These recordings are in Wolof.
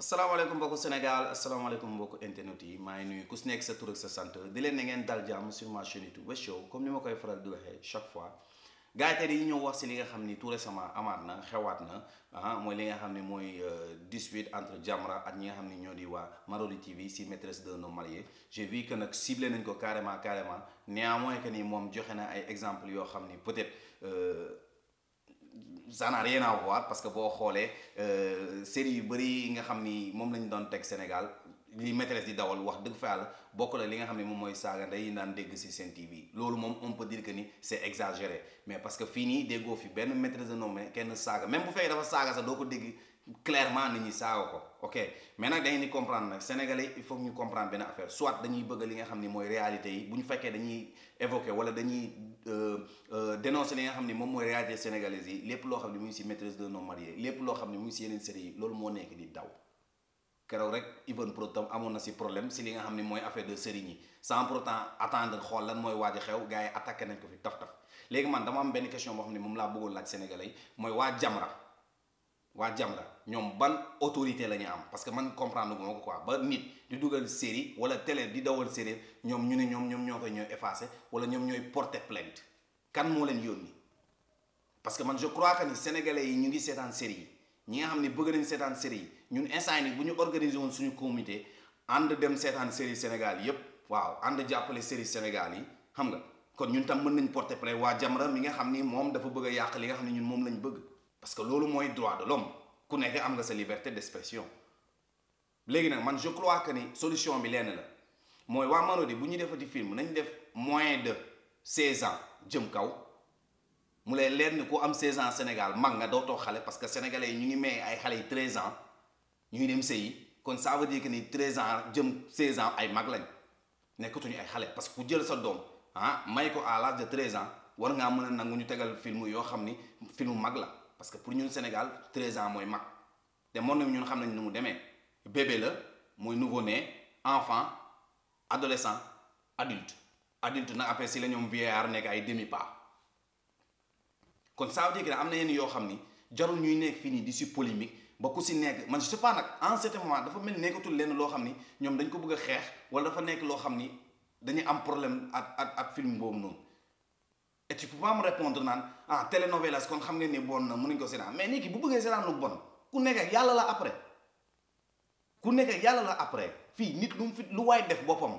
asalaamaaleykum mbokku Sénégal asalaamaaleykum mbokku internet yi maa ngi nuyu ku si nekk sa tur ak sa sant di leen na ngeen dal jàmm sur ma chaîne YouTube Wes Show comme ni ma koy faral di waxee chaque fois gars yi yi ñëw wax si li nga xam ni tout récemment amaat na xewaat na ah mooy li nga xam ne mooy euh, dispute entre Jamra ak ñi nga xam ne ñoo di waa Marodi TV si maîtresse d'un homme marié j'ai vu que nag ciblé nañ ko carrément carrément néanmoins que ni moom joxe na ay exemples yoo xam ni peut-être. Euh, ça n'a rien à voir parce que boo xoolee euh, série yu bëri yi nga xam ni moom la ñu doon teg Sénégal li maîtresse di dawal wax dëgg fa yàlla bokk la li nga xam ne moom mooy saaga ndey naan dégg si seen TV loolu moom on peut dire que ni c'est exagéré mais parce que fii nii déggoo fi benn maîtresse de nommé kenn saaga même bu fekkee dafa saaga sax doo ko dégg clairement nit ñi saaga ko ok mais nag dañuy comprendre nag sénégalais il faut ñu comprendre benn affaire soit dañuy bëgg li nga xam ne mooy réalité yi bu ñu fekkee dañuy évoquer wala dañuy euh, euh, dénoncer li xam ne moom mooy réalité sénégalaise yi lépp loo xam ne mu ngi loo xam ne mu ngi si yeneen série yi loolu moo nekk di daw keroog rek Even Pro tam amoon na si problème si li nga xam ne mooy affaire de sëriñ yi sans pourtant attendre xool lan mooy waaj a xew gars yi attaqué nañ ko fi taf taf léegi man dama am benn question boo xam ne moom laa bëggoon laaj sénégalais yi mooy waa Jamra waa Jamra ñoom ban autorité la ñu am parce que man comprendre gu ma ko quoi ba nit di dugal série wala télé di dawal série ñoom ñu ne ñoom ñoom ñoo koy ñooy effacé wala ñoom ñooy porter plainte kan moo leen yónni parce que man je crois que ni yi ñu ngi seetaan série yi. ñi nga xam ne bëgg nañ seetaan série yi ñun instant ni bu ñu organiser woon suñu comité ànd dem seetaan série Sénégal yépp waaw ànd jàppale série Sénégal yi xam nga kon ñun tam mën nañ porter plainte waa Jamra mi nga xam ni moom dafa bëgg yàq li nga xam ne ñun moom lañu bëgg parce que loolu mooy droit de l'homme ku nekk am nga sa liberté d'expression léegi nag man je crois que ni solution bi lenn la mooy waa Marodi bu ñu defati film nañ def moins de 16 ans jëm kaw mu lay leer ni ku am 16 ans Sénégal mag nga dootoo xale parce que sénégalais yi ñu ngi may ay xale yi 13 ans ñu ngi dem sëyi kon ça veut dire que ni 13 ans jëm 16 ans ay mag lañ nekkatuñu ay xale parce que ku jël sa doom ah may ko à l'âge de 13 ans war ngaa mën a nangu ñu tegal film yoo xam ni film mag la parce que pour ñun Sénégal 13 ans mooy mag te moom na ñun xam nañ ni mu demee bébé la mooy nouveau-né enfant adolescent adulte adulte nag après si la ñoom vieillard nekk ay demi kon saa veut dire am na yenn yoo xam ni jarul ñuy nekk fii nii di si polémique ba ku si nekk man je sais pas nag en certain moment dafa mel nekkatul lenn loo xam ni ñoom dañ ko bëgg a xeex wala dafa nekk loo xam ni dañu am problème ak ak ak film boobu noonu et tu peux pas me répondre naan ah kon xam ngeen ne bon na nañ ko seetaan mais nit ki bu bëggee seetaan lu bon ku nekk ak yàlla la après ku nekk yàlla la après fii nit lu mu fi lu waaye def boppam.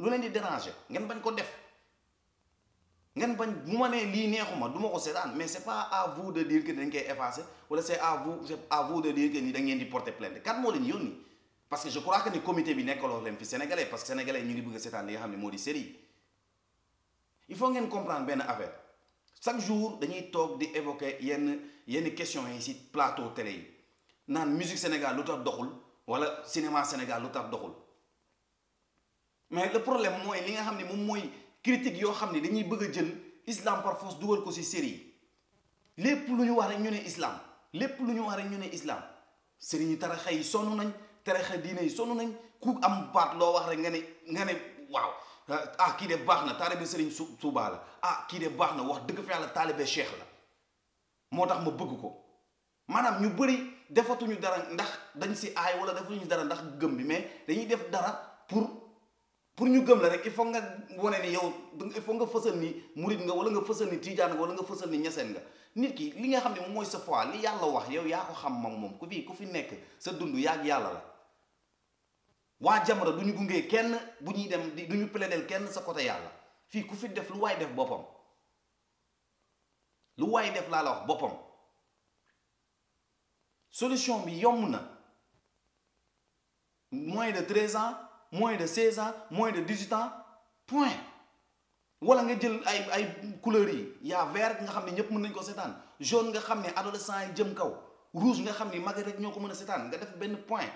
lu leen di déranger ngeen bañ ko def ngeen bañ bu ma nee lii neexuma du ma ko seetaan mais c'est pas à vous de dire que dañ koy effacer wala c'est à vous c'est à vous de dire que ni da ngeen di porter plainte kat moo leen yónni parce que je crois que ni comité bi nekkaloo leen fi sénégalais parce que ñu ngi bëgg a seetaan xam ne moo di série il faut ngeen comprendre benn affaire chaque jour dañuy toog di évoquer yenn yenn questions yi ci plateau télé yi naan musique Sénégal lu tax doxul wala cinéma Sénégal lu tax doxul. mais le problème mooy li nga xam ne moom mooy critique yoo xam ni dañuy bëgg a jël islam par force dugal ko ci série yi lépp lu ñu wax rek ñu ne islaam lépp lu ñu wax rek ñu ne islam sëriñ yi taraxa yi sonn nañ taraxa diine yi sonn nañ ku am baat loo wax rek nga ne nga waaw ah kii de baax na taalibe sëriñ su Tuubaa la ah kii de baax na wax dëgg fa yàlla taalibe cheikh la moo tax ma bëgg ko maanaam ñu bëri defatuñu dara ndax dañ si aay wala defatuñu dara ndax gëm bi mais dañuy def dara pour pour ñu gëm la rek il faut nga wone ni yow il faut nga fësal ni murit nga wala nga fësal ni tijaan nga wala nga fësal ni ñeseen nga nit ki li nga xam ne moom mooy sa foi li yàlla wax yow yaa ko xam moom moom ku fii ku fi nekk sa dund yaag yàlla la waa Jamra du ñu gungee kenn bu ñuy dem du ñu plaidel kenn sa côté yàlla fii ku fi def lu waaye def boppam lu waay def laa la wax boppam solution bi yomb na moins de 13 ans moins de 16 ans moins de 18 ans point wala nga jël ay ay couleurs yi y a vert nga xam ne ñëpp mën nañ ko seetaan jaune nga xam ne adolescent yi jëm kaw rouge nga xam ne mag rek ñoo ko mën a seetaan nga def benn point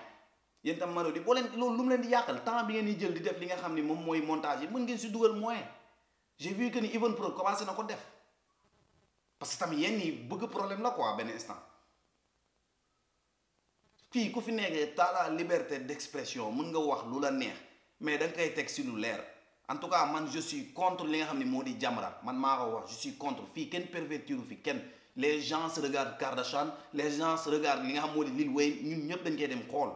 yéen tam Marodi boo leen loolu lu mu leen di yàqal temps bi ngeen di jël di def li nga xam ni moom mooy montage yi mën ngeen si dugal moyen j'ai vu que ni Even Pro commencé na ko def parce que tamit yenn yi bëgg problème la quoi benn instant. fii ku fi nekkee taala liberté d'expression mën nga wax lu la neex mais da nga teg si lu leer en tout cas man je suis contre li nga xam ne moo di Jamra man maa ko wax je contre fii kenn pervertiru fi kenn les gens se regardent Kardashian les gens se regardent li nga xam moo di Lil Wayne ñun ñëpp dañ koy dem xool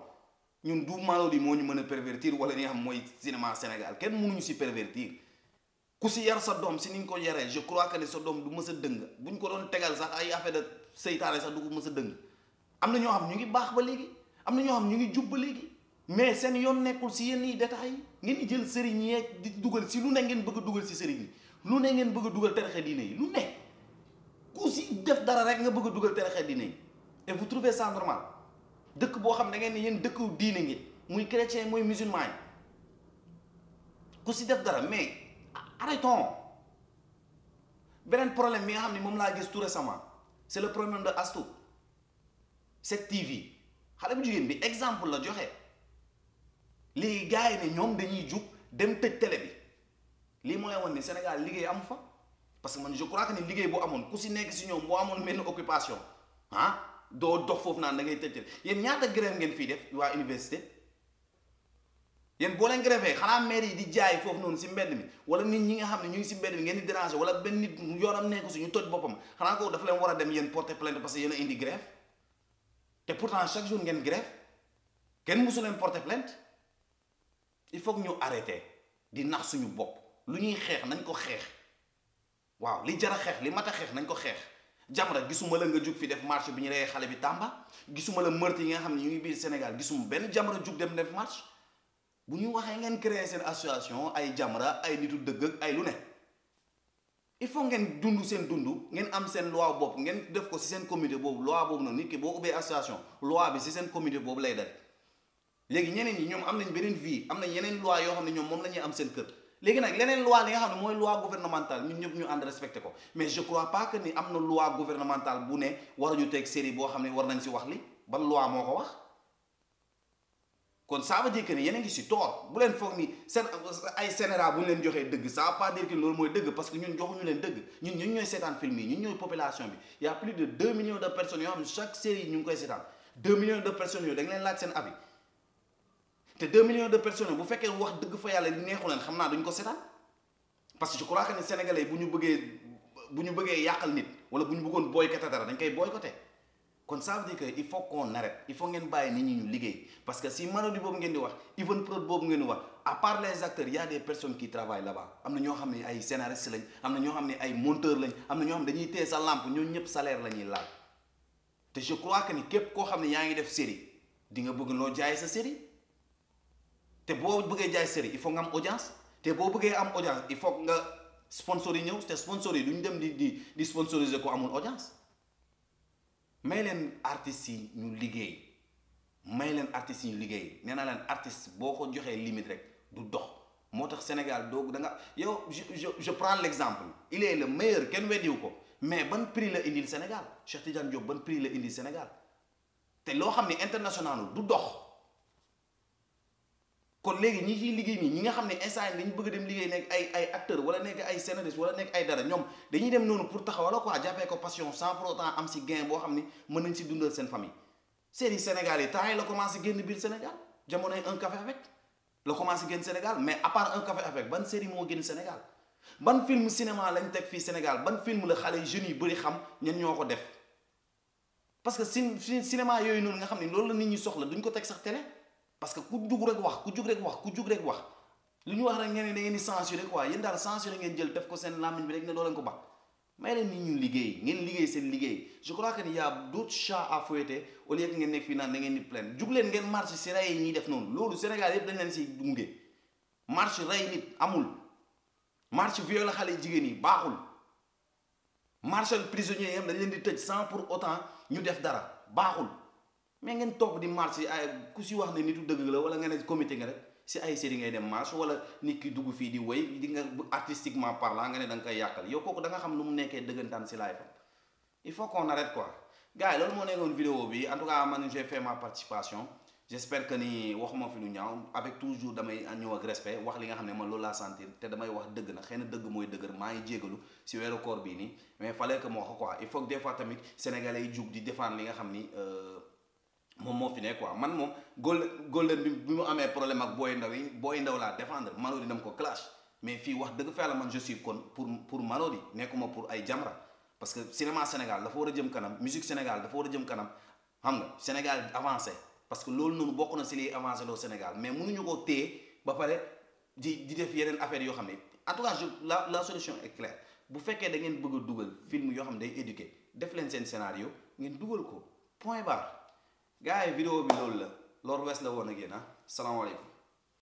ñun du Marodi moo ñu mën a pervertir wala li nga xam mooy cinéma Sénégal kenn mënuñu si pervertir ku si yar sa doom si ni nga ko yaree je crois que sa doom du mës a dëng bu ñu ko doon tegal sax ay affaire de seytaane sax du ko mës a dëng am na ñoo xam ñu ngi baax ba léegi am na ñoo xam ñu ngi jub ba léegi mais seen yoon nekkul si yenn yi détails yi ngeen di jël sëriñ yeeg di dugal si lu ne ngeen bëgg a dugal si sëriñ yi lu ne ngeen bëgg dugal teraxe diine yi lu ne ku si def dara rek nga bëgg a dugal teraxe diine yi et vous trouvez ça normal dëkk boo xam da ngeen ne yéen dëkku diine ngi muy chrétien muy musulman yi ku si def dara mais arrêtons beneen problème bi nga xam ne moom laa gis tout récemment c'est le problème de Astou 7TV xale bu jigéen bi exemple la joxe léegi gars yi ne ñoom dañuy jug dem tëj tele bi lii mooy woon ne Sénégal liggéey am fa parce que man je crois que ni liggéey boo amoon ku si nekk si ñoom boo amoon benn occupation ah doo dox foofu naa da ngay tëj télé yéen ñaata grève ngeen fii def waa université yéen boo leen grève xanaa maire yi di jaay foofu noonu si mbedd mi wala nit ñi nga xam ne ñu ngi si mbedd mi ngeen di déranger wala benn nit yoonam nekku si war a dem yéen porter plainte parce que yéen te pourtant chaque jour ngeen grève kenn mësu leen porter plainte il faut que ñu arrêté di nax suñu bopp lu ñuy xeex nañ ko xeex waaw li jar a xeex li mat a xeex nañ ko xeex Jamra gisuma la nga jug fi def marche bi ñu reyee xale bi tàmba gisuma la meurtre yi nga xam ne ñu biir Sénégal gisuma benn Jamra jug dem def marche bu ñu waxee ngeen créer seen association ay Jamra ay nitu dëgg ak ay lu ne il faut ngeen dund seen dund ngeen am seen loi bopp ngeen def ko si seen comité boobu loi boobu noonu nit ki boo ubbee association loi bi si seen comité boobu lay def léegi ñeneen yi ñoom am nañ beneen vie am na yeneen loi yoo xam ne ñoom moom la ñuy am seen kër léegi nag leneen loi li nga xam ne mooy loi gouvernementale ñun ñëpp ñu ànd respecté ko mais je crois pas que ni am na loi gouvernementale bu ne war ñu teg série boo xam ne war nañ si wax li ban loi moo ko wax kon ça veut dire que ne yéen a ngi si tort bu leen foog ni seen bu ñu leen joxee dëgg ça veut pas dire mooy dëgg parce que ñu ngi koy seetaan 2 millions de personnes yooyu da nga leen laaj seen bu fekkee wax dëgg fa yàlla neexu leen xam naa duñ ko seetaan parce que je crois que ne bu ñu bëggee bu ñu bëggee yàqal nit wala bu ñu bëggoon boycotté dara dañ koy boycotté. kon ça veut dire que il faut qu'on arrête il faut ngeen bàyyi nit ñu liggéey parce que si Marodi boobu ngeen di wax Evenprod boobu ngeen di wax à part les acteurs il y a des qui travaillent là-bas am na ñoo xam ne ay scénaristes lañ am na ñoo xam ne ay monteurs lañ am na ñoo xam ne dañuy téye sa lampe ñooñu ñëpp salaire la laal te je crois que ni képp koo xam ne yaa ngi def série di nga bëgg loo jaay sa série te boo bëggee jaay série il faut nga am audience te boo am audience il faut nga sponsor yi ñëw te sponsor yi du ñu dem di di di sponsoriser ko amul audience. may leen artistes yi ñu liggéey may leen artistes yi ñu liggéey nee naa leen artist boo ko joxee limite rek du dox moo tax Sénégal doo da yow je je je prends l'exemple il est le meilleur kenn weddiwu ko mais ban prix la indil Sénégal Cheikh Tidiane Diop ban prix la indil Sénégal te loo xam ni international du dox. kon léegi ñi ciy liggéey nii ñi nga xam ne instant dañu bëgg dem liggéey nekk ay ay acteur wala nekk ay scénariste wala nekk ay dara ñoom dañuy dem noonu pour taxawala quoi jàppee ko passion sans pour autant am si gain boo xam ne mën nañ si dundal seen famille série Sénégal yi temps yi la commencé génn biir Sénégal jamonoy un café avec la commencé génn Sénégal mais à part un café avec ban série moo génn Sénégal ban film cinéma lañ teg fii Sénégal ban film la xale jeunes yi bëri xam ñen ñoo ko def parce que cin cinéma nga xam ne loolu la nit ñi soxla duñ ko teg sax télé parce que ku jug rek wax ku jug rek wax ku jug rek wax lu ñu wax rek ngeen ne da ngeen di censuré quoi yéen daal censuré jël def ko seen làmmiñ bi rek ñu liggéey ngeen liggéey seen liggéey je a d'autres chats à fouetter au lieu naan da ngeen di plaindre jug leen ngeen marche def noonu loolu Sénégal yëpp dañ leen si gunge marche rey nit amul marche xale jigéen yi baaxul marche prisonniers yam dañ leen di tëj sans pour autant ñu def dara baaxul mais ngeen topp di marche ay ku si wax ne nitu dëgg la wala nga ne comité nga rek si ay série ngay dem marche wala nit ki dugg fii di wéy di nga artistiquement parlant nga ne da nga koy yàqal yow kooku da xam nu mu nekkee dëggantaan si laay fa il faut qu'on arrête quoi gars yi loolu moo nekkoon vidéo bi en tout ma participation j'espère que ni toujours damay ñëw ak wax li nga xam ne man loolu laa sentir te damay wax dëgg na xëy na dëgg mooy dëgër maa ngi jégalu si weeru koor bii nii mais fallait que ma wax quoi il faut que des fois tamit sénégalais yi jug di défendre li nga xam ni euh, moom moo fi nekk waa man moom Golden Golden bi bi mu amee problème ak booy Ndaw yi booy Ndaw laa défendre Marodi dama ko clash mais fii wax dëgg fa yàlla man je suis kon pour pour Marodi nekkuma pour ay Jamra parce que cinéma Sénégal dafa war a jëm kanam musique Sénégal dafa war a jëm kanam xam nga Sénégal avancé parce que loolu noonu bokk na si liy avancé loo Sénégal mais mënuñu ko téye ba pare di di def yeneen affaire yoo xam ne en tout cas je la la solution est bu fekkee da ngeen bëgg dugal film yoo xam ne day éduqué def leen seen scénario ngeen dugal ko point barre. gars yi vidéo bi loolu la Lord Wes la woon ak yéen ah salaamaaleykum